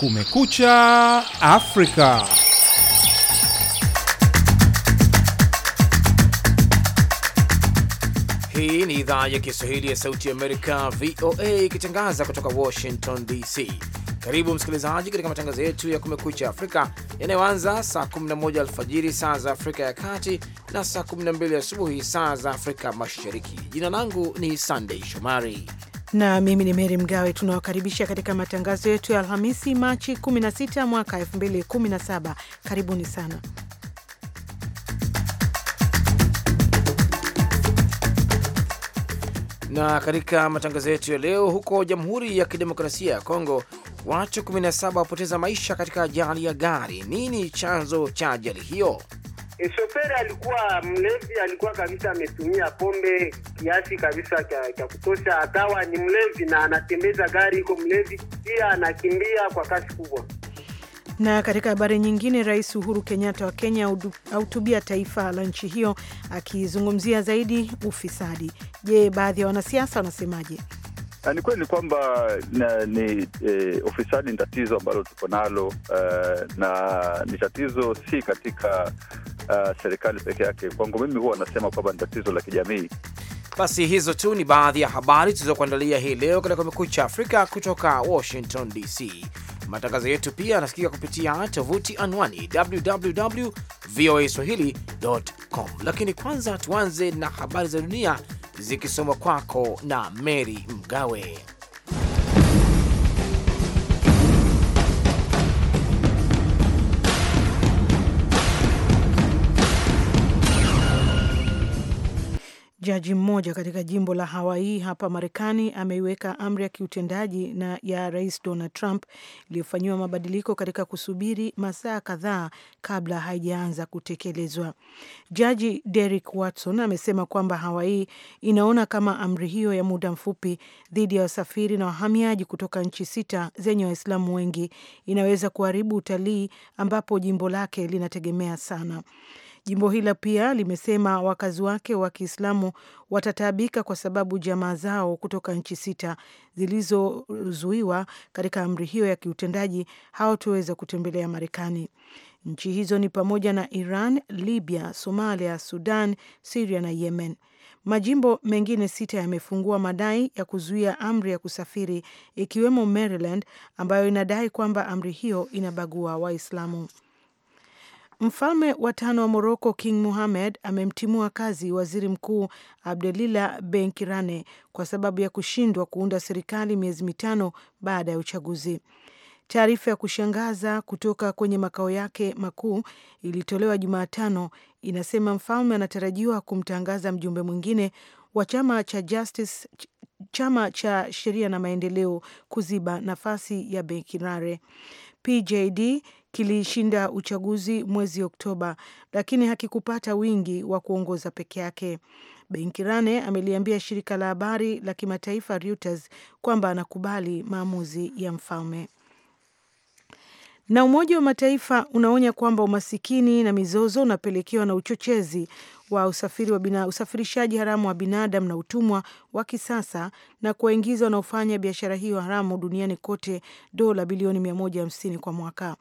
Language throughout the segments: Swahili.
Kumekucha Afrika. Hii ni idhaa ya Kiswahili ya Sauti ya Amerika, VOA, ikitangaza kutoka Washington DC. Karibu msikilizaji katika matangazo yetu ya Kumekucha Afrika yanayoanza saa 11 alfajiri saa za Afrika ya Kati na saa 12 asubuhi saa za Afrika Mashariki. Jina langu ni Sandei Shomari na mimi ni Meri Mgawe. Tunawakaribisha katika matangazo yetu ya Alhamisi, Machi 16 mwaka 2017. Karibuni sana. Na katika matangazo yetu ya leo, huko Jamhuri ya Kidemokrasia ya Kongo, watu 17 wapoteza maisha katika ajali ya gari. Nini chanzo cha ajali hiyo? E, shoferi alikuwa mlevi, alikuwa kabisa ametumia pombe kiasi kabisa cha kutosha, akawa ni mlevi na anatembeza gari iko mlevi, pia anakimbia kwa kasi kubwa. Na katika habari nyingine, Rais Uhuru Kenyatta wa Kenya ahutubia taifa la nchi hiyo akizungumzia zaidi ufisadi. Je, baadhi ya wanasiasa wanasemaje? Ni kweli kwamba ni e, ufisadi ni tatizo ambalo tuko nalo uh, na ni tatizo si katika uh, serikali peke yake. Kwangu mimi huwa anasema kwamba ni tatizo la kijamii. Basi hizo tu ni baadhi ya habari tulizokuandalia hii leo katika Kumekucha Afrika kutoka Washington DC. Matangazo yetu pia yanasikika kupitia tovuti anwani www voa swahili.com, lakini kwanza tuanze na habari za dunia zikisomwa kwako na Mary Mgawe. Jaji mmoja katika jimbo la Hawaii hapa Marekani ameiweka amri ya kiutendaji na ya Rais Donald Trump iliyofanyiwa mabadiliko katika kusubiri masaa kadhaa kabla haijaanza kutekelezwa. Jaji Derek Watson amesema kwamba Hawaii inaona kama amri hiyo ya muda mfupi dhidi ya wasafiri na wahamiaji kutoka nchi sita zenye Waislamu wengi inaweza kuharibu utalii ambapo jimbo lake linategemea sana. Jimbo hilo pia limesema wakazi wake wa Kiislamu watataabika kwa sababu jamaa zao kutoka nchi sita zilizozuiwa katika amri hiyo ya kiutendaji hawatoweza kutembelea Marekani. Nchi hizo ni pamoja na Iran, Libya, Somalia, Sudan, Siria na Yemen. Majimbo mengine sita yamefungua madai ya kuzuia amri ya kusafiri ikiwemo Maryland ambayo inadai kwamba amri hiyo inabagua Waislamu. Mfalme wa tano wa Moroko, King muhamed amemtimua kazi waziri mkuu Abdelila Benkirane kwa sababu ya kushindwa kuunda serikali miezi mitano baada ya uchaguzi. Taarifa ya kushangaza kutoka kwenye makao yake makuu ilitolewa Jumatano inasema mfalme anatarajiwa kumtangaza mjumbe mwingine wa chama cha Justice, chama cha sheria na maendeleo kuziba nafasi ya Benkirane. PJD kilishinda uchaguzi mwezi Oktoba, lakini hakikupata wingi wa kuongoza peke yake. Benkirane ameliambia shirika la habari la kimataifa Reuters kwamba anakubali maamuzi ya mfalme. Na Umoja wa Mataifa unaonya kwamba umasikini na mizozo unapelekewa na uchochezi wa usafiri wa bina, usafirishaji haramu wa binadamu na utumwa wa kisasa na kuwaingiza wanaofanya biashara hiyo haramu duniani kote dola bilioni 150 kwa mwaka.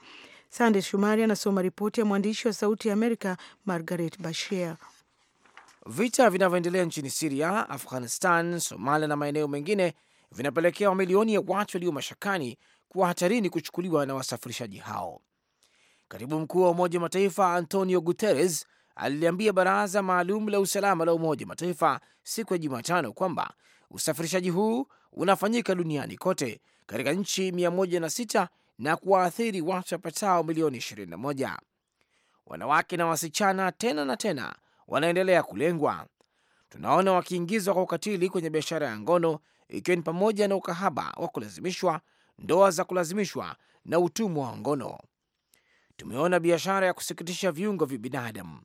Sande Shumari anasoma ripoti ya mwandishi wa Sauti ya Amerika Margaret Bashir. Vita vinavyoendelea nchini Siria, Afghanistan, Somalia na maeneo mengine vinapelekea mamilioni ya watu walio mashakani kuwa hatarini kuchukuliwa na wasafirishaji hao. Katibu mkuu wa Umoja wa Mataifa Antonio Guterres aliliambia baraza maalum la usalama la Umoja wa Mataifa siku ya Jumatano kwamba usafirishaji huu unafanyika duniani kote katika nchi 106 na kuwaathiri watu wapatao milioni 21. Wanawake na wasichana tena na tena wanaendelea kulengwa. Tunaona wakiingizwa kwa ukatili kwenye biashara ya ngono, ikiwa ni pamoja na ukahaba wa kulazimishwa, ndoa za kulazimishwa na utumwa wa ngono. Tumeona biashara ya kusikitisha viungo vya binadamu.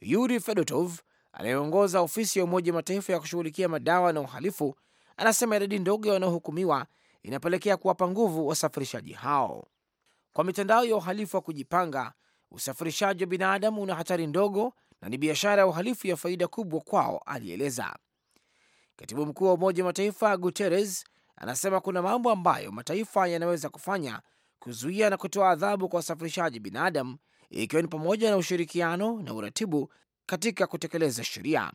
Yuri Fedotov anayeongoza ofisi ya Umoja Mataifa ya kushughulikia madawa na uhalifu anasema idadi ndogo ya wanaohukumiwa inapelekea kuwapa nguvu wasafirishaji hao. Kwa mitandao ya uhalifu wa kujipanga, usafirishaji wa binadamu una hatari ndogo na ni biashara ya uhalifu ya faida kubwa kwao, alieleza. Katibu mkuu wa Umoja wa Mataifa Guterres anasema kuna mambo ambayo mataifa yanaweza kufanya kuzuia na kutoa adhabu kwa wasafirishaji binadamu, ikiwa ni pamoja na ushirikiano na uratibu katika kutekeleza sheria,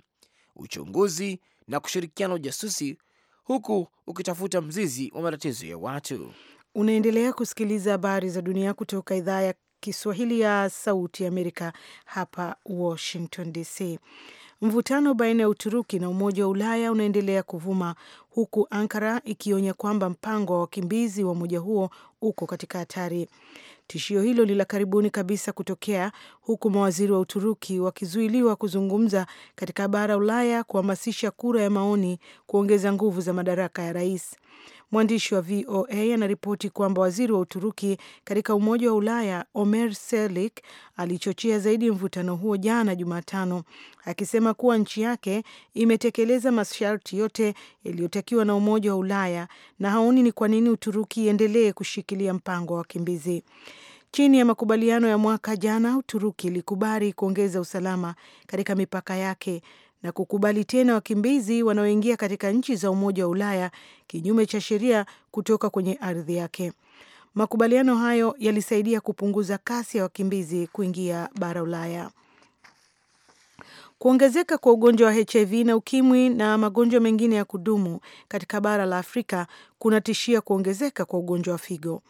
uchunguzi na kushirikiana ujasusi huku ukitafuta mzizi wa matatizo ya watu. Unaendelea kusikiliza habari za dunia kutoka idhaa ya Kiswahili ya Sauti ya Amerika hapa Washington DC. Mvutano baina ya Uturuki na Umoja wa Ulaya unaendelea kuvuma huku Ankara ikionya kwamba mpango wa wakimbizi wa umoja huo uko katika hatari. Tishio hilo ni la karibuni kabisa kutokea huku mawaziri wa Uturuki wakizuiliwa kuzungumza katika bara Ulaya kuhamasisha kura ya maoni kuongeza nguvu za madaraka ya rais. Mwandishi wa VOA anaripoti kwamba waziri wa Uturuki katika Umoja wa Ulaya Omer Selik alichochea zaidi mvutano huo jana Jumatano, akisema kuwa nchi yake imetekeleza masharti yote yaliyotakiwa na Umoja wa Ulaya na haoni ni kwa nini Uturuki iendelee kushikilia mpango wa wakimbizi. Chini ya makubaliano ya mwaka jana, Uturuki ilikubali kuongeza usalama katika mipaka yake na kukubali tena wakimbizi wanaoingia katika nchi za Umoja wa Ulaya kinyume cha sheria kutoka kwenye ardhi yake. Makubaliano hayo yalisaidia kupunguza kasi ya wakimbizi kuingia bara Ulaya. Kuongezeka kwa ugonjwa wa HIV na ukimwi na magonjwa mengine ya kudumu katika bara la Afrika kunatishia kuongezeka kwa ugonjwa wa figo.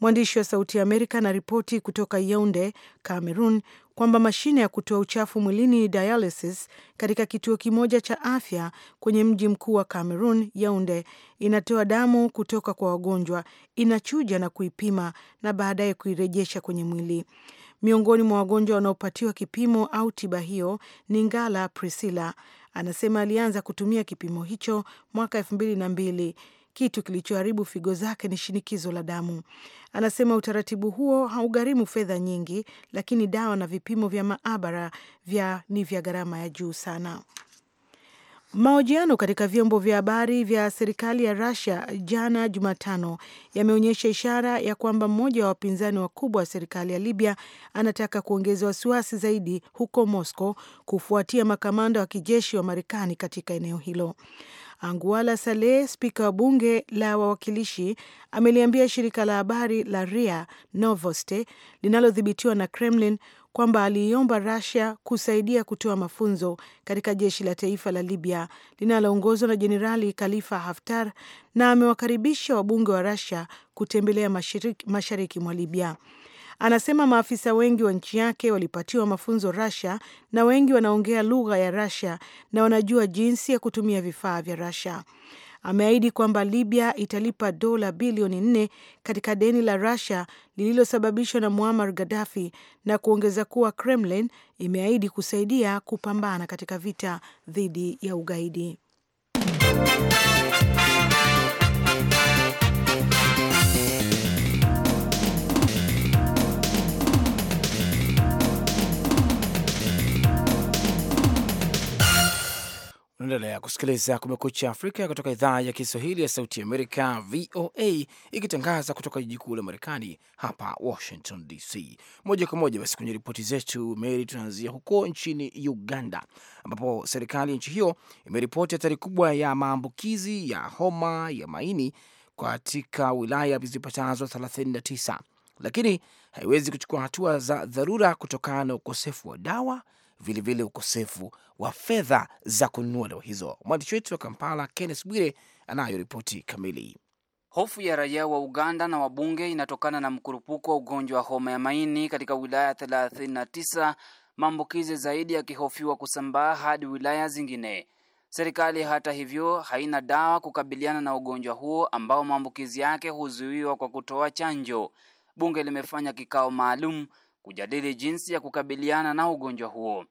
Mwandishi wa Sauti ya Amerika anaripoti kutoka Yaunde, Cameroon, kwamba mashine ya kutoa uchafu mwilini dialysis katika kituo kimoja cha afya kwenye mji mkuu wa Cameroon, Yaunde, inatoa damu kutoka kwa wagonjwa, inachuja na kuipima na baadaye kuirejesha kwenye mwili. Miongoni mwa wagonjwa wanaopatiwa kipimo au tiba hiyo ni Ngala Priscilla. Anasema alianza kutumia kipimo hicho mwaka elfu mbili na mbili kitu kilichoharibu figo zake ni shinikizo la damu. Anasema utaratibu huo haugharimu fedha nyingi, lakini dawa na vipimo vya maabara vya ni vya gharama ya juu sana. Mahojiano katika vyombo vya habari vya serikali ya rasia jana Jumatano yameonyesha ishara ya kwamba mmoja wa wapinzani wakubwa wa serikali ya Libya anataka kuongeza wasiwasi zaidi huko Moscow kufuatia makamanda wa kijeshi wa Marekani katika eneo hilo. Anguala Saleh, spika wa bunge la wawakilishi, ameliambia shirika la habari la RIA Novosti linalodhibitiwa na Kremlin kwamba aliiomba rasia kusaidia kutoa mafunzo katika jeshi la taifa la Libya linaloongozwa na Jenerali Khalifa Haftar na amewakaribisha wabunge wa rasia kutembelea mashariki, mashariki mwa Libya. Anasema maafisa wengi wa nchi yake walipatiwa mafunzo Russia na wengi wanaongea lugha ya rasia na wanajua jinsi ya kutumia vifaa vya Russia. Ameahidi kwamba Libya italipa dola bilioni nne katika deni la Russia lililosababishwa na Muammar Gaddafi na kuongeza kuwa Kremlin imeahidi kusaidia kupambana katika vita dhidi ya ugaidi. Unaendelea kusikiliza Kumekucha Afrika kutoka idhaa ya Kiswahili ya Sauti ya Amerika, VOA, ikitangaza kutoka jiji kuu la Marekani, hapa Washington DC. Moja kwa moja basi kwenye ripoti zetu, Meri, tunaanzia huko nchini Uganda, ambapo serikali ya nchi hiyo imeripoti hatari kubwa ya maambukizi ya homa ya maini katika wilaya zipatazo 39 lakini haiwezi kuchukua hatua za dharura kutokana na ukosefu wa dawa vilevile ukosefu wa fedha za kununua dawa hizo. Mwandishi wetu wa Kampala, Kenneth Bwire, anayo ripoti kamili. Hofu ya raia wa Uganda na wabunge inatokana na mkurupuko wa ugonjwa wa homa ya maini katika wilaya 39, maambukizi zaidi yakihofiwa kusambaa hadi wilaya zingine. Serikali hata hivyo haina dawa kukabiliana na ugonjwa huo ambao maambukizi yake huzuiwa kwa kutoa chanjo. Bunge limefanya kikao maalum kujadili jinsi ya kukabiliana na ugonjwa huo.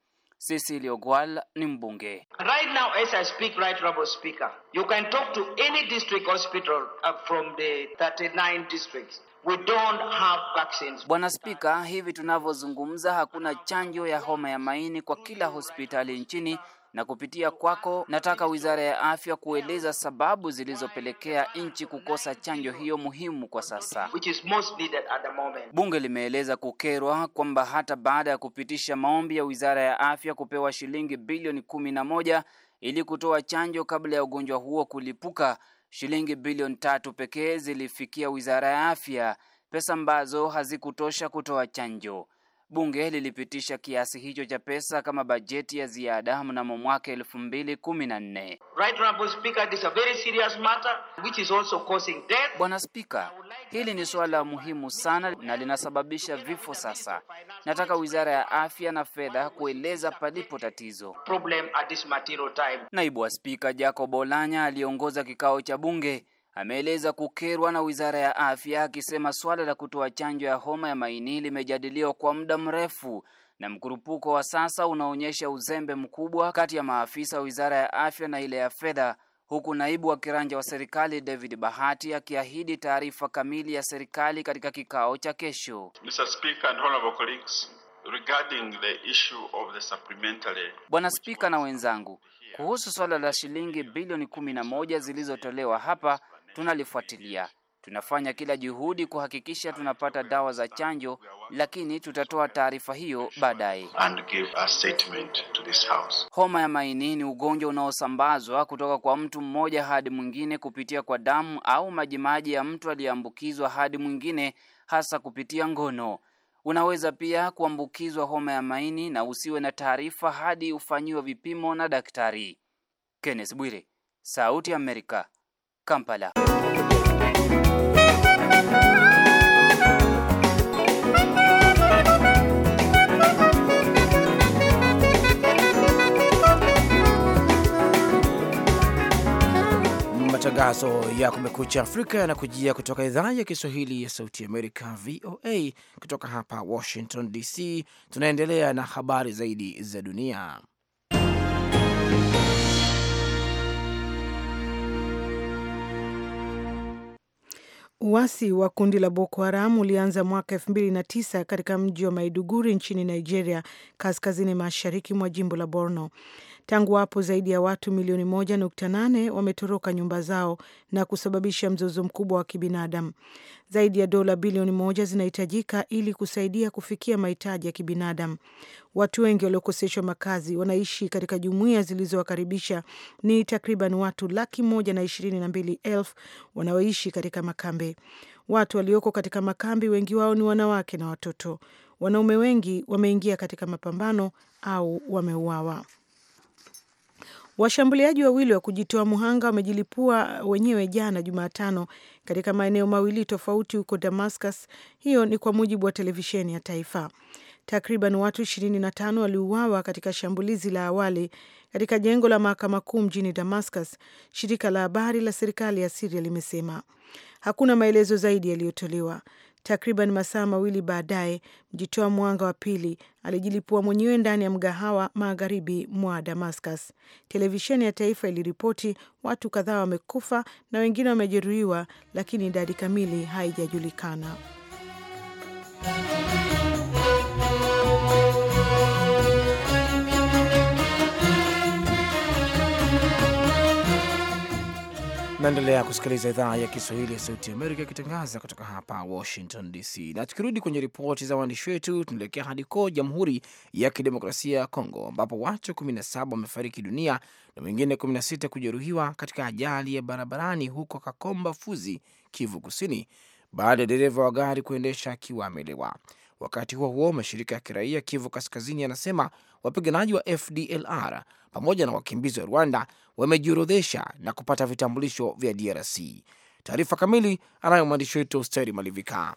Cecily Ogwal ni mbunge. Right now as I speak right honorable speaker, you can talk to any district hospital uh, from the 39 districts. We don't have vaccines. Bwana Spika, hivi tunavyozungumza hakuna chanjo ya homa ya maini kwa kila hospitali nchini na kupitia kwako nataka Wizara ya Afya kueleza sababu zilizopelekea nchi kukosa chanjo hiyo muhimu kwa sasa. Bunge limeeleza kukerwa kwamba hata baada ya kupitisha maombi ya Wizara ya Afya kupewa shilingi bilioni kumi na moja ili kutoa chanjo kabla ya ugonjwa huo kulipuka, shilingi bilioni tatu pekee zilifikia Wizara ya Afya, pesa ambazo hazikutosha kutoa chanjo. Bunge lilipitisha kiasi hicho cha pesa kama bajeti ya ziada mnamo mwaka elfu mbili kumi na nne. Bwana Spika, hili ni suala muhimu sana na linasababisha vifo. Sasa nataka wizara ya afya na fedha kueleza palipo tatizo. Naibu wa Spika Jacob Olanya aliongoza kikao cha bunge ameeleza kukerwa na wizara ya afya, akisema swala la kutoa chanjo ya homa ya maini limejadiliwa kwa muda mrefu na mkurupuko wa sasa unaonyesha uzembe mkubwa kati ya maafisa wa wizara ya afya na ile ya fedha, huku naibu wa kiranja wa serikali David Bahati akiahidi taarifa kamili ya serikali katika kikao cha kesho. Bwana Spika na wenzangu, kuhusu swala la shilingi bilioni 11 zilizotolewa hapa tunalifuatilia. Tunafanya kila juhudi kuhakikisha tunapata dawa za chanjo, lakini tutatoa taarifa hiyo baadaye. Homa ya maini ni ugonjwa unaosambazwa kutoka kwa mtu mmoja hadi mwingine kupitia kwa damu au majimaji ya mtu aliyeambukizwa hadi mwingine, hasa kupitia ngono. Unaweza pia kuambukizwa homa ya maini na usiwe na taarifa hadi ufanyiwe vipimo na daktari. Kenneth Bwire, Sauti ya Amerika, kampala Matangazo ya Kumekucha Afrika yanakujia kutoka idhaa ya Kiswahili ya Sauti Amerika, VOA, kutoka hapa Washington DC. Tunaendelea na habari zaidi za dunia. Uasi wa kundi la Boko Haram ulianza mwaka elfu mbili na tisa katika mji wa Maiduguri nchini Nigeria, kaskazini mashariki mwa jimbo la Borno. Tangu hapo zaidi ya watu milioni moja nukta nane wametoroka nyumba zao na kusababisha mzozo mkubwa wa kibinadamu. Zaidi ya dola bilioni moja zinahitajika ili kusaidia kufikia mahitaji ya kibinadamu. Watu wengi waliokoseshwa makazi wanaishi katika jumuiya zilizowakaribisha. Ni takriban watu laki moja na ishirini na mbili elfu wanaoishi katika makambi. Watu walioko katika makambi wengi wao ni wanawake na watoto. Wanaume wengi wameingia katika mapambano au wameuawa. Washambuliaji wawili wa kujitoa muhanga wamejilipua wenyewe jana Jumatano katika maeneo mawili tofauti huko Damascus. Hiyo ni kwa mujibu wa televisheni ya taifa. Takriban watu 25 waliuawa katika shambulizi la awali katika jengo la mahakama kuu mjini Damascus, shirika la habari la serikali ya Siria limesema. Hakuna maelezo zaidi yaliyotolewa. Takriban masaa mawili baadaye, mjitoa mwanga wa pili alijilipua mwenyewe ndani ya mgahawa magharibi mwa Damascus. Televisheni ya taifa iliripoti watu kadhaa wamekufa na wengine wamejeruhiwa, lakini idadi kamili haijajulikana. Naendelea kusikiliza idhaa ya Kiswahili ya Sauti Amerika ikitangaza kutoka hapa Washington DC. Na tukirudi kwenye ripoti za waandishi wetu, tunaelekea hadi ko Jamhuri ya Kidemokrasia ya Kongo, ambapo watu 17 wamefariki dunia na wengine 16 kujeruhiwa katika ajali ya barabarani huko Kakomba, Fuzi, Kivu Kusini, baada ya dereva wa gari kuendesha akiwa amelewa. Wakati huo huo, mashirika ya kiraia Kivu Kaskazini yanasema wapiganaji wa FDLR pamoja na wakimbizi wa Rwanda wamejiorodhesha na kupata vitambulisho vya DRC. Taarifa kamili anayo mwandishi wetu Steri Malivika.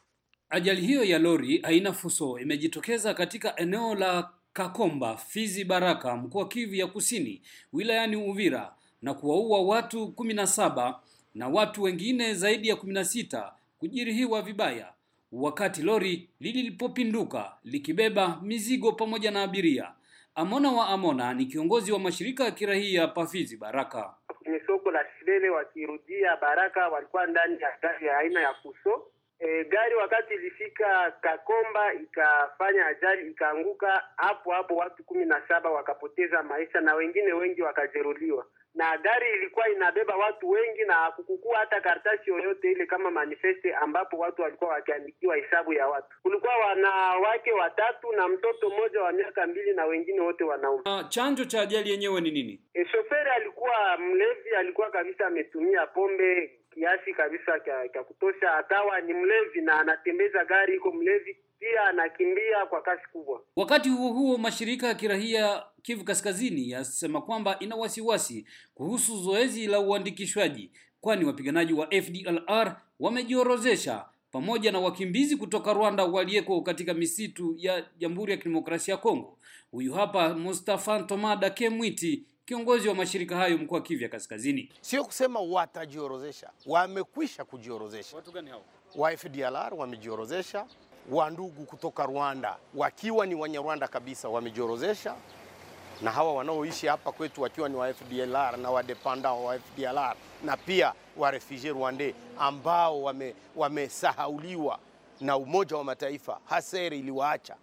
Ajali hiyo ya lori aina fuso imejitokeza katika eneo la Kakomba, Fizi Baraka, mkoa Kivu ya Kusini, wilayani Uvira na kuwaua watu kumi na saba na watu wengine zaidi ya kumi na sita kujeruhiwa vibaya wakati lori lilipopinduka likibeba mizigo pamoja na abiria. Amona wa Amona ni kiongozi wa mashirika ya kirahia Pafizi Baraka. Kwenye soko la Shilele wakirudia Baraka walikuwa ndani ya gari ya aina ya Fuso. E, gari wakati ilifika Kakomba ikafanya ajali ikaanguka hapo hapo, watu kumi na saba wakapoteza maisha na wengine wengi wakajeruhiwa na gari ilikuwa inabeba watu wengi na kukukua hata karatasi yoyote ile kama manifeste, ambapo watu walikuwa wakiandikiwa hesabu ya watu. Kulikuwa wanawake watatu na mtoto mmoja wa miaka mbili na wengine wote wanaume. Uh, cha ajali yenyewe ni nini? E, shoferi alikuwa mlevi, alikuwa kabisa ametumia pombe kiasi kabisa cha kya, kutosha, akawa ni mlevi na anatembeza gari iko mlevi pia anakimbia kwa kasi kubwa. Wakati huo huo, mashirika ya kirahia Kivu Kaskazini yasema kwamba ina wasiwasi kuhusu zoezi la uandikishwaji, kwani wapiganaji wa FDLR wamejiorozesha pamoja na wakimbizi kutoka Rwanda waliyeko katika misitu ya Jamhuri ya Kidemokrasia ya Kongo. Huyu hapa Mustafa Tomada Kemwiti, kiongozi wa mashirika hayo mkoa wa ya Kaskazini. Sio kusema watajiorozesha, wamekwisha kujiorozesha. Watu gani hao? Wa FDLR wamejiorozesha wa ndugu kutoka Rwanda wakiwa ni Wanyarwanda kabisa wamejiorozesha, na hawa wanaoishi hapa kwetu wakiwa ni wa FDLR na wadependant wa FDLR na pia wa refugee rwandais ambao wame, wamesahauliwa na Umoja wa Mataifa, haseri iliwaacha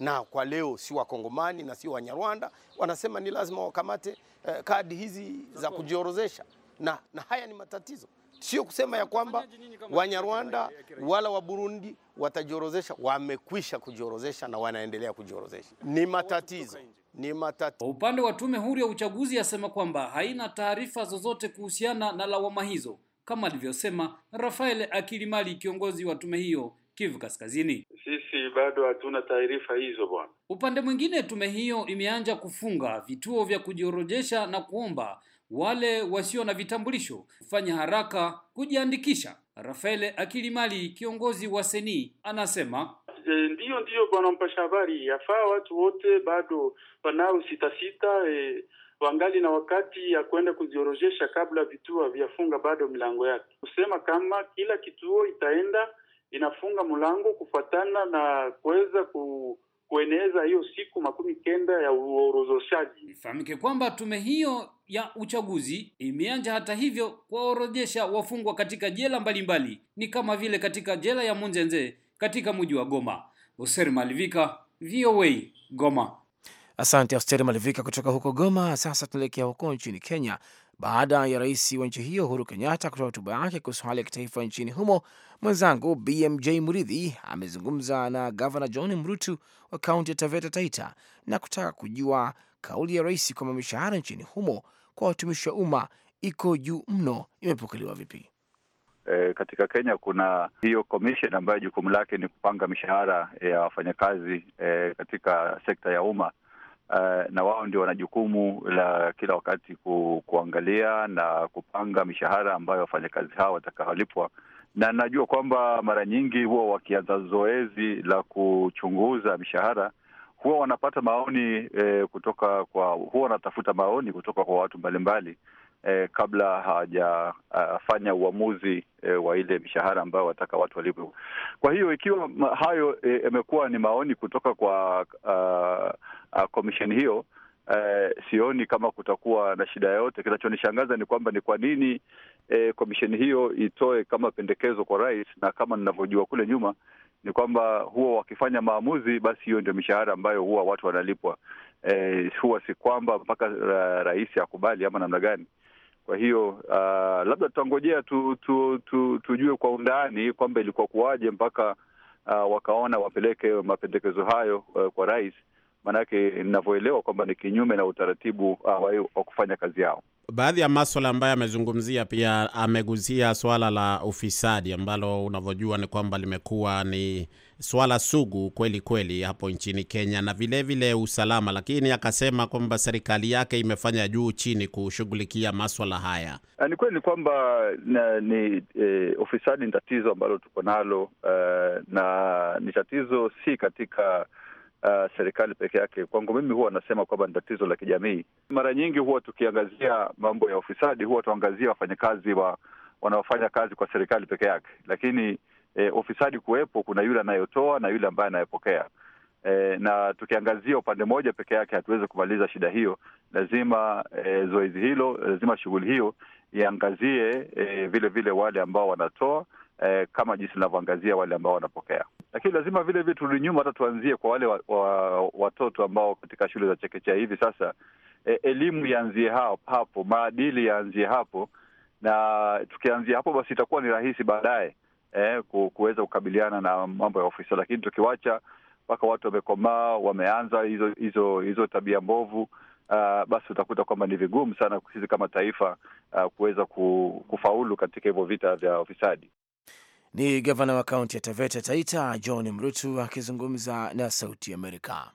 na kwa leo si Wakongomani na si Wanyarwanda, wanasema ni lazima wakamate eh, kadi hizi za kujiorozesha na, na haya ni matatizo. Sio kusema ya kwamba Wanyarwanda wala Waburundi watajiorozesha, wamekwisha kujiorozesha na wanaendelea kujiorozesha. Ni matatizo ni matatizo. Upande wa tume huru ya uchaguzi yasema kwamba haina taarifa zozote kuhusiana na lawama hizo, kama alivyosema Rafael Akilimali, kiongozi wa tume hiyo Kivu Kaskazini. Sisi bado hatuna taarifa hizo bwana. Upande mwingine, tume hiyo imeanza kufunga vituo vya kujiorojesha na kuomba wale wasio na vitambulisho fanya haraka kujiandikisha. Rafael Akilimali, kiongozi wa Seni, anasema e, ndiyo ndiyo, bwana mpasha habari, yafaa watu wote bado wanao sita sita e, wangali na wakati ya kwenda kuziorojesha kabla vituo vyafunga bado milango yake, kusema kama kila kituo itaenda inafunga mlango kufuatana na kuweza ku kueneza hiyo siku makumi kenda ya uorozeshaji. Ifahamike kwamba tume hiyo ya uchaguzi imeanja hata hivyo kuwaorodhesha wafungwa katika jela mbalimbali mbali. Ni kama vile katika jela ya Munzenze katika mji wa Goma. Oser Malivika, VOA Goma. Asante Hoser Malivika kutoka huko Goma. Sasa tunaelekea huko nchini Kenya baada ya rais wa nchi hiyo Uhuru Kenyatta kutoa hotuba yake kuhusu hali ya kitaifa nchini humo, mwenzangu BMJ Muridhi amezungumza na gavana John Mrutu wa kaunti ya Taveta Taita na kutaka kujua kauli ya rais kwamba mishahara nchini humo kwa watumishi wa umma iko juu mno imepokelewa vipi? E, katika Kenya kuna hiyo commission ambayo jukumu lake ni kupanga mishahara ya wafanyakazi e, katika sekta ya umma Uh, na wao ndio wana jukumu la kila wakati ku, kuangalia na kupanga mishahara ambayo wafanyakazi hao watakaolipwa, na najua kwamba mara nyingi huwa wakianza zoezi la kuchunguza mishahara huwa wanapata maoni eh, kutoka kwa huwa wanatafuta maoni kutoka kwa watu mbalimbali eh, kabla hawajafanya uh, uamuzi eh, wa ile mishahara ambayo wataka watu walipwe. Kwa hiyo ikiwa hayo eh, yamekuwa eh, ni maoni kutoka kwa uh, uh, uh, hiyo Uh, sioni kama kutakuwa na shida yoyote. Kinachonishangaza ni kwamba ni kwa nini eh, komisheni hiyo itoe kama pendekezo kwa rais, na kama ninavyojua kule nyuma ni kwamba huwa wakifanya maamuzi, basi hiyo ndio mishahara ambayo huwa watu wanalipwa. Eh, huwa si kwamba mpaka rais akubali ama namna gani. Kwa hiyo uh, labda tutangojea tu, tu, tu, tujue kwa undani kwamba ilikuwa kuwaje mpaka uh, wakaona wapeleke mapendekezo hayo uh, kwa rais maanake ninavyoelewa kwamba ni kinyume na utaratibu uh, wa kufanya kazi yao. Baadhi ya maswala ambayo amezungumzia, pia amegusia swala la ufisadi ambalo unavyojua ni kwamba limekuwa ni swala sugu kweli kweli hapo nchini Kenya na vilevile vile usalama, lakini akasema kwamba serikali yake imefanya juu chini kushughulikia maswala haya. Uh, ni kweli ni kwamba ni e, ufisadi ni tatizo ambalo tuko nalo uh, na ni tatizo si katika uh, serikali peke yake. Kwangu mimi huwa nasema kwamba ni tatizo la kijamii. Mara nyingi huwa tukiangazia mambo ya ufisadi huwa tuangazia wafanyakazi wa wanaofanya kazi kwa serikali peke yake, lakini eh, ufisadi kuwepo, kuna yule anayotoa na yule ambaye anayepokea. E, na tukiangazia upande mmoja peke yake hatuwezi kumaliza shida hiyo. Lazima e, zoezi hilo, lazima shughuli hiyo iangazie e, vile vile wale ambao wanatoa e, kama jinsi linavyoangazia wale ambao wanapokea. Lakini lazima vile vile turudi nyuma, hata tuanzie kwa wale wa, wa, watoto ambao katika shule za chekechea hivi sasa. E, elimu yaanzie hapo, maadili yaanzie hapo, na tukianzia hapo basi itakuwa ni rahisi baadaye e, kuweza kukabiliana na mambo ya ofisa. Lakini tukiwacha mpaka watu wamekomaa, wameanza hizo hizo hizo tabia mbovu uh, basi utakuta kwamba ni vigumu sana sisi kama taifa uh, kuweza kufaulu katika hivyo vita vya ufisadi. Ni gavana wa kaunti ya Taveta Taita John Mrutu akizungumza na Sauti Amerika.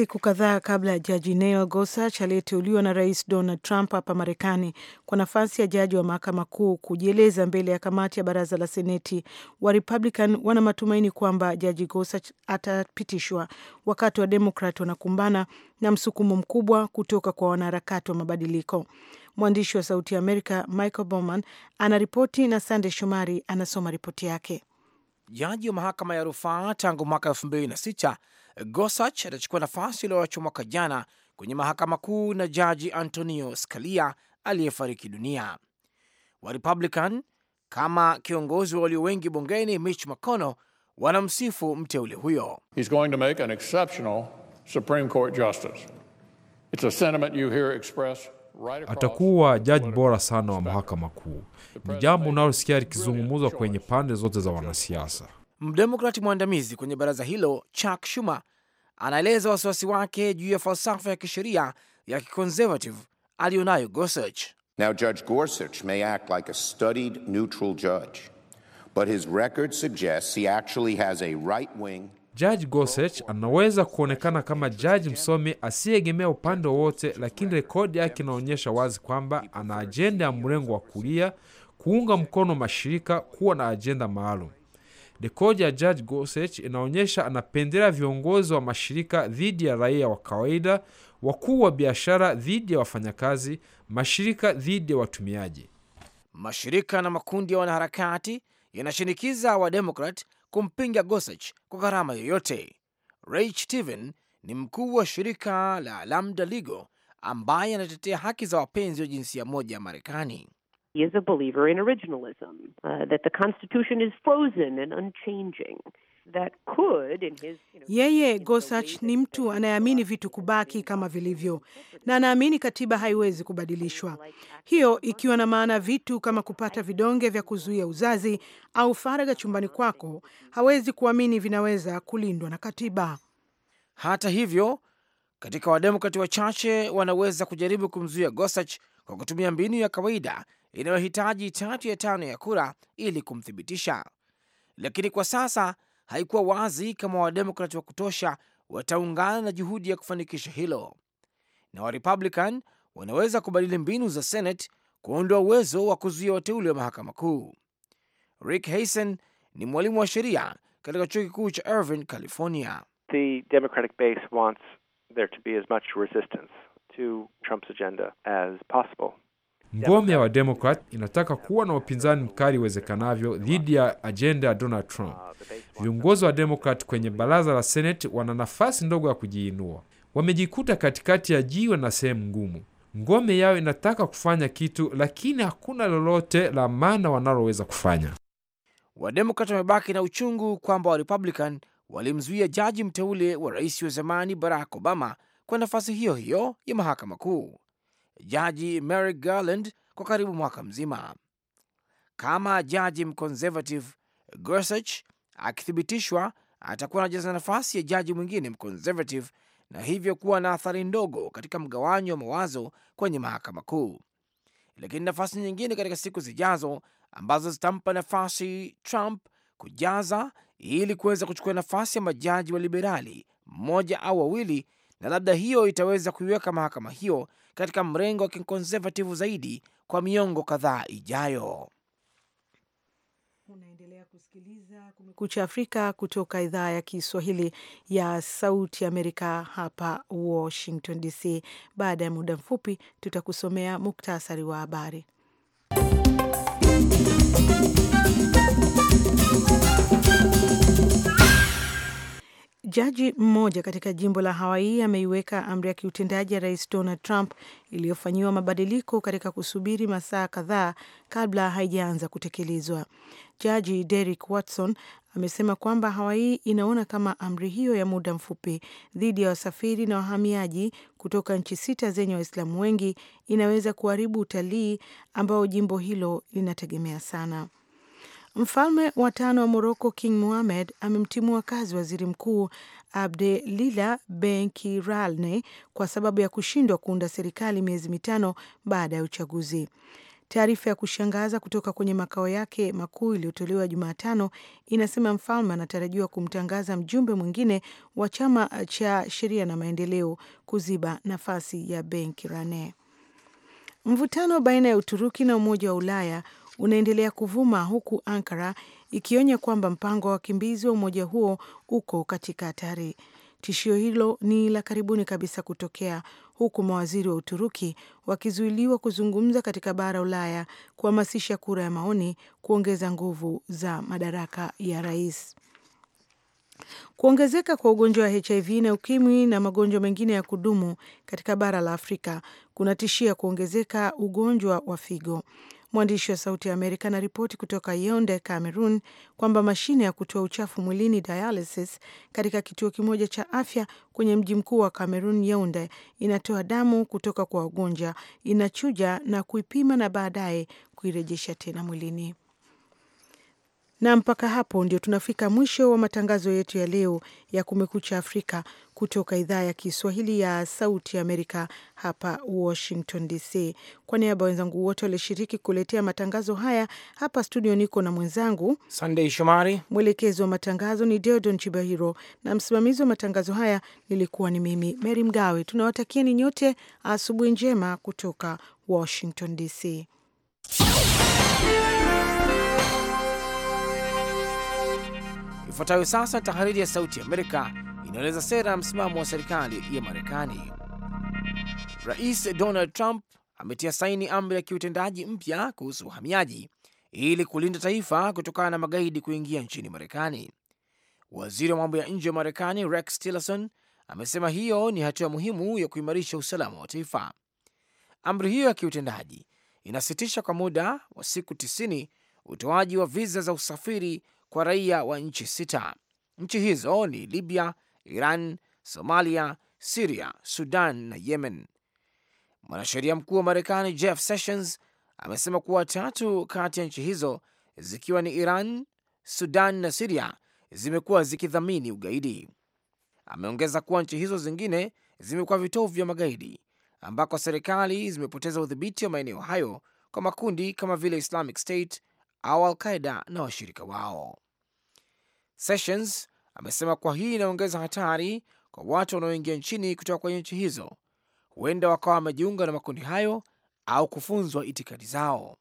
siku kadhaa kabla ya jaji Neil Gorsuch aliyeteuliwa na rais Donald Trump hapa Marekani kwa nafasi ya jaji wa mahakama kuu kujieleza mbele ya kamati ya baraza la Seneti, wa Republican wana matumaini kwamba jaji Gorsuch atapitishwa, wakati wa Demokrat wanakumbana na msukumo mkubwa kutoka kwa wanaharakati wa mabadiliko. Mwandishi wa Sauti ya Amerika Michael Bowman anaripoti na Sande Shomari anasoma ripoti yake jaji wa mahakama ya rufaa tangu mwaka elfu mbili na sita Gosach atachukua nafasi iliyoachwa mwaka jana kwenye mahakama kuu na jaji Antonio Scalia aliyefariki dunia. Warepublican kama kiongozi wa walio wengi bungeni Mitch McConnell wanamsifu mteule huyo. He's going to make an exceptional Supreme Court justice. It's a sentiment you hear expressed atakuwa jaji bora sana wa mahakama kuu. Ni jambo unalosikia likizungumuzwa kwenye pande zote za wanasiasa. Mdemokrati mwandamizi kwenye baraza hilo Chuck Schumer anaeleza wasiwasi wake juu ya falsafa ya kisheria ya kiconservative aliyonayo Gorsuch. Now Judge Gorsuch may act like a studied neutral judge, but his record suggests he actually has a right wing Judge Gorsuch anaweza kuonekana kama jaji msomi asiyeegemea upande wowote, lakini rekodi yake inaonyesha wazi kwamba ana ajenda ya mrengo wa kulia, kuunga mkono mashirika, kuwa na ajenda maalum. Rekodi ya Judge Gorsuch inaonyesha anapendelea viongozi wa mashirika dhidi ya raia wa kawaida, wakuu wa biashara dhidi ya wafanyakazi, mashirika dhidi ya watumiaji. Mashirika na makundi ya wanaharakati yanashinikiza Wademokrat kumpinga gosach kwa gharama yoyote. Ray Steven ni mkuu wa shirika la Lambda Legal ambaye anatetea haki za wapenzi wa jinsia moja Marekani. uh, That could in his, you know, yeye gosach ni mtu anayeamini vitu kubaki kama vilivyo na anaamini katiba haiwezi kubadilishwa, hiyo ikiwa na maana vitu kama kupata vidonge vya kuzuia uzazi au faragha chumbani kwako hawezi kuamini vinaweza kulindwa na katiba. Hata hivyo, katika wademokrati wachache wanaweza kujaribu kumzuia gosach kwa kutumia mbinu ya kawaida inayohitaji tatu ya tano ya kura ili kumthibitisha, lakini kwa sasa haikuwa wazi kama Wademokrat wa kutosha wataungana na juhudi ya kufanikisha hilo, na Warepublican wanaweza kubadili mbinu za Senate kuondoa uwezo wa kuzuia wateuli wa mahakama kuu. Rick Hasen ni mwalimu wa sheria katika chuo kikuu cha Irvine, California. The Democratic base wants there to be as much resistance to Trump's agenda as possible. Ngome ya Wademokrat inataka kuwa na upinzani mkali iwezekanavyo dhidi ya ajenda ya Donald Trump. Viongozi wa Demokrat kwenye baraza la Senate wana nafasi ndogo ya kujiinua, wamejikuta katikati ya jiwe na sehemu ngumu. Ngome yao inataka kufanya kitu, lakini hakuna lolote la maana wanaloweza kufanya. Wademokrat wamebaki na uchungu kwamba Warepublican walimzuia jaji mteule wa rais wa zamani Barack Obama kwa nafasi hiyo hiyo ya mahakama kuu. Jaji Merrick Garland kwa karibu mwaka mzima. Kama jaji mconservative Gorsuch akithibitishwa, atakuwa anajaza nafasi ya jaji mwingine mconservative na hivyo kuwa na athari ndogo katika mgawanyo wa mawazo kwenye mahakama kuu, lakini nafasi nyingine katika siku zijazo ambazo zitampa nafasi Trump kujaza ili kuweza kuchukua nafasi ya majaji wa liberali mmoja au wawili, na labda hiyo itaweza kuiweka mahakama hiyo katika mrengo wa kikonservative zaidi kwa miongo kadhaa ijayo. Unaendelea kusikiliza Kumekucha Afrika kutoka idhaa ya Kiswahili ya Sauti Amerika, hapa Washington DC. Baada ya muda mfupi, tutakusomea muktasari wa habari. Jaji mmoja katika jimbo la Hawaii ameiweka amri ya kiutendaji ya Rais Donald Trump iliyofanyiwa mabadiliko katika kusubiri masaa kadhaa kabla haijaanza kutekelezwa. Jaji Derek Watson amesema kwamba Hawaii inaona kama amri hiyo ya muda mfupi dhidi ya wasafiri na wahamiaji kutoka nchi sita zenye Waislamu wengi inaweza kuharibu utalii ambao jimbo hilo linategemea sana. Mfalme wa tano wa Moroko King muhamed amemtimua kazi waziri mkuu Abdelila Benkiralne kwa sababu ya kushindwa kuunda serikali miezi mitano baada ya uchaguzi. Taarifa ya kushangaza kutoka kwenye makao yake makuu iliyotolewa Jumatano inasema mfalme anatarajiwa kumtangaza mjumbe mwingine wa chama cha sheria na maendeleo kuziba nafasi ya Benkirane. Mvutano baina ya Uturuki na Umoja wa Ulaya unaendelea kuvuma huku Ankara ikionya kwamba mpango wa wakimbizi wa umoja huo uko katika hatari. Tishio hilo ni la karibuni kabisa kutokea huku mawaziri wa Uturuki wakizuiliwa kuzungumza katika bara Ulaya kuhamasisha kura ya maoni kuongeza nguvu za madaraka ya rais. Kuongezeka kwa ugonjwa wa HIV na ukimwi na magonjwa mengine ya kudumu katika bara la Afrika kunatishia kuongezeka ugonjwa wa figo. Mwandishi wa Sauti ya Amerika anaripoti kutoka Yaunde, Cameroon, kwamba mashine ya kutoa uchafu mwilini dialysis katika kituo kimoja cha afya kwenye mji mkuu wa Cameroon, Yaunde, inatoa damu kutoka kwa wagonjwa, inachuja na kuipima na baadaye kuirejesha tena mwilini. Na mpaka hapo ndio tunafika mwisho wa matangazo yetu ya leo ya Kumekucha Afrika kutoka idhaa ya Kiswahili ya Sauti Amerika hapa Washington DC. Kwa niaba ya wenzangu wote walioshiriki kuletea matangazo haya hapa studio, niko na mwenzangu Sandei Shomari, mwelekezi wa matangazo ni Deodon Chibahiro, na msimamizi wa matangazo haya nilikuwa ni mimi Mary Mgawe. tunawatakia ni nyote asubuhi njema kutoka Washington DC. Ifuatayo sasa tahariri ya Sauti ya Amerika inaeleza sera ya msimamo wa serikali ya Marekani. Rais Donald Trump ametia saini amri ya kiutendaji mpya kuhusu uhamiaji ili kulinda taifa kutokana na magaidi kuingia nchini Marekani. Waziri wa mambo ya nje wa Marekani Rex Tillerson amesema hiyo ni hatua muhimu ya kuimarisha usalama wa taifa. Amri hiyo ya kiutendaji inasitisha kwa muda wa siku tisini utoaji wa viza za usafiri kwa raia wa nchi sita. Nchi hizo ni Libya, Iran, Somalia, Siria, Sudan na Yemen. Mwanasheria mkuu wa Marekani Jeff Sessions amesema kuwa tatu kati ya nchi hizo zikiwa ni Iran, Sudan na Siria zimekuwa zikidhamini ugaidi. Ameongeza kuwa nchi hizo zingine zimekuwa vitovu vya magaidi ambako serikali zimepoteza udhibiti wa maeneo hayo kwa makundi kama vile Islamic State au al na washirika wao. Sessions amesema kuwa hii inaongeza hatari kwa watu wanaoingia nchini kutoka kwenye nchi hizo, huenda wakawa wamejiunga na makundi hayo au kufunzwa itikadi zao.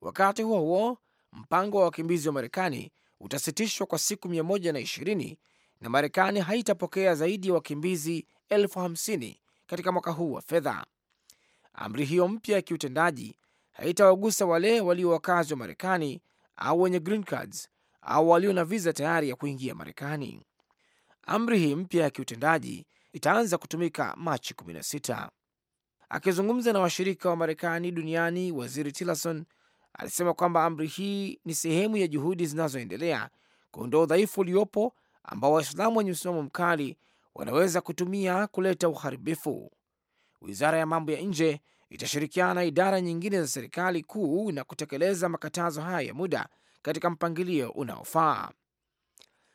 Wakati huo huo, mpango wa wakimbizi wa Marekani utasitishwa kwa siku mia moja na ishirini na Marekani haitapokea zaidi ya wakimbizi elfu hamsini katika mwaka huu wa fedha. Amri hiyo mpya ya kiutendaji haitawagusa wale walio wakazi wa Marekani au wenye green cards au walio na viza tayari ya kuingia Marekani. Amri hii mpya ya kiutendaji itaanza kutumika Machi 16. Akizungumza na washirika wa Marekani duniani, waziri Tillerson alisema kwamba amri hii ni sehemu ya juhudi zinazoendelea kuondoa udhaifu uliopo ambao Waislamu wenye msimamo mkali wanaweza kutumia kuleta uharibifu. Wizara ya mambo ya nje itashirikiana na idara nyingine za serikali kuu na kutekeleza makatazo haya ya muda katika mpangilio unaofaa.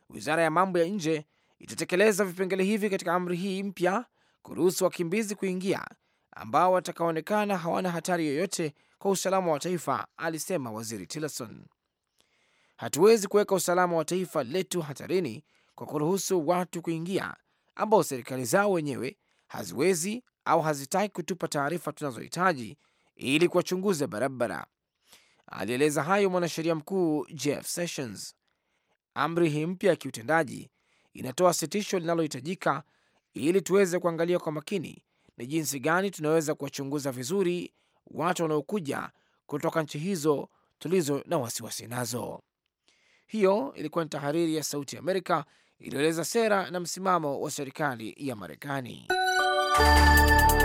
Wizara ya mambo ya nje itatekeleza vipengele hivi katika amri hii mpya, kuruhusu wakimbizi kuingia ambao watakaonekana hawana hatari yoyote kwa usalama wa taifa, alisema Waziri Tillerson. Hatuwezi kuweka usalama wa taifa letu hatarini kwa kuruhusu watu kuingia ambao serikali zao wenyewe haziwezi au hazitaki kutupa taarifa tunazohitaji ili kuwachunguza barabara. Alieleza hayo mwanasheria mkuu Jeff Sessions. Amri hii mpya ya kiutendaji inatoa sitisho linalohitajika ili tuweze kuangalia kwa makini ni jinsi gani tunaweza kuwachunguza vizuri watu wanaokuja kutoka nchi hizo tulizo na wasiwasi nazo. Hiyo ilikuwa ni tahariri ya Sauti ya Amerika iliyoeleza sera na msimamo wa serikali ya Marekani. Música